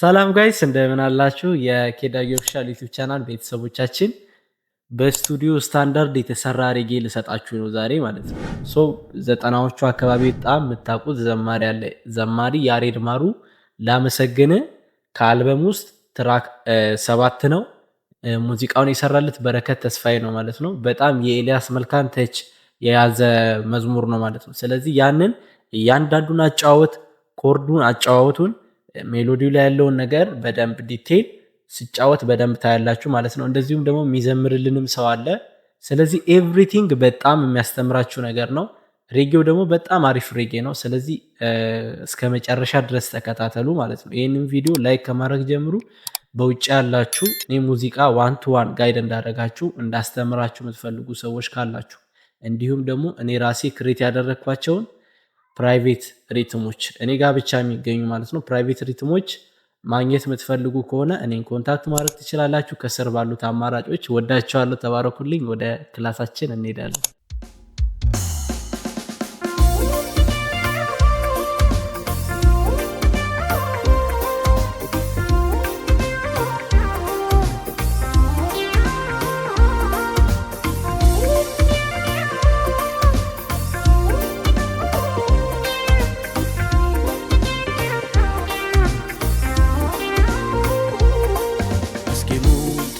ሰላም ጋይስ እንደምን አላችሁ? የኬዳጊ ኦፊሻል ዩቲዩብ ቻናል ቤተሰቦቻችን በስቱዲዮ ስታንዳርድ የተሰራ ሬጌ ልሰጣችሁ ነው ዛሬ ማለት ነው። ዘጠናዎቹ አካባቢ በጣም የምታውቁት ዘማሪ አለ። ዘማሪ ያሬድ ማሩ ላመሰግን ከአልበም ውስጥ ትራክ ሰባት ነው። ሙዚቃውን የሰራለት በረከት ተስፋዬ ነው ማለት ነው። በጣም የኤልያስ መልካን ተች የያዘ መዝሙር ነው ማለት ነው። ስለዚህ ያንን እያንዳንዱን አጨዋወት ኮርዱን አጨዋወቱን ሜሎዲው ላይ ያለውን ነገር በደንብ ዲቴል ስጫወት በደንብ ታያላችሁ ማለት ነው። እንደዚሁም ደግሞ የሚዘምርልንም ሰው አለ። ስለዚህ ኤቭሪቲንግ በጣም የሚያስተምራችሁ ነገር ነው። ሬጌው ደግሞ በጣም አሪፍ ሬጌ ነው። ስለዚህ እስከ መጨረሻ ድረስ ተከታተሉ ማለት ነው። ይህንም ቪዲዮ ላይክ ከማድረግ ጀምሩ። በውጭ ያላችሁ እኔ ሙዚቃ ዋን ቱ ዋን ጋይድ እንዳደረጋችሁ እንዳስተምራችሁ የምትፈልጉ ሰዎች ካላችሁ እንዲሁም ደግሞ እኔ ራሴ ክሬት ያደረግኳቸውን ፕራይቬት ሪትሞች እኔ ጋር ብቻ የሚገኙ ማለት ነው። ፕራይቬት ሪትሞች ማግኘት የምትፈልጉ ከሆነ እኔን ኮንታክት ማድረግ ትችላላችሁ። ከስር ባሉት አማራጮች ወዳቸዋለሁ ተባረኩልኝ። ወደ ክላሳችን እንሄዳለን።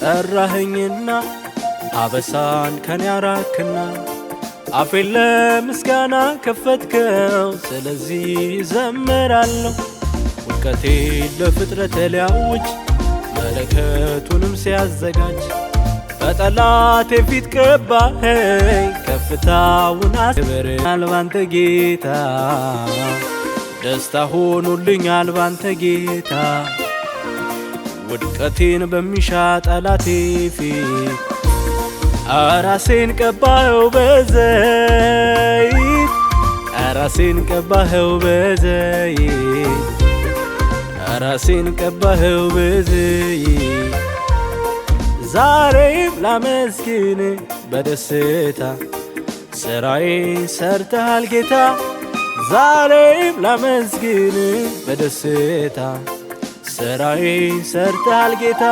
ጠራኸኝና አበሳን ከኔ አራክና አፌን ለምስጋና ከፈትከው፣ ስለዚህ ዘምራለሁ። ውልቀቴ ለፍጥረት ሊያውጅ መለከቱንም ሲያዘጋጅ በጠላቴ ፊት ቀባኸኝ ከፍታውን አስበር አልባንተ ጌታ ደስታ ሆኑልኝ አልባንተ ጌታ ውድቀቴን በሚሻ ጠላቴ ፊት አራሴን ቀባኸው በዘይት አራሴን ቀባኸው በዘይት አራሴን ቀባኸው በዘይት ዛሬም ላመስግን በደስታ ስራዬ ሰርተሃል ጌታ ዛሬም ላመስግን በደስታ ስራዬን ሰርታል ጌታ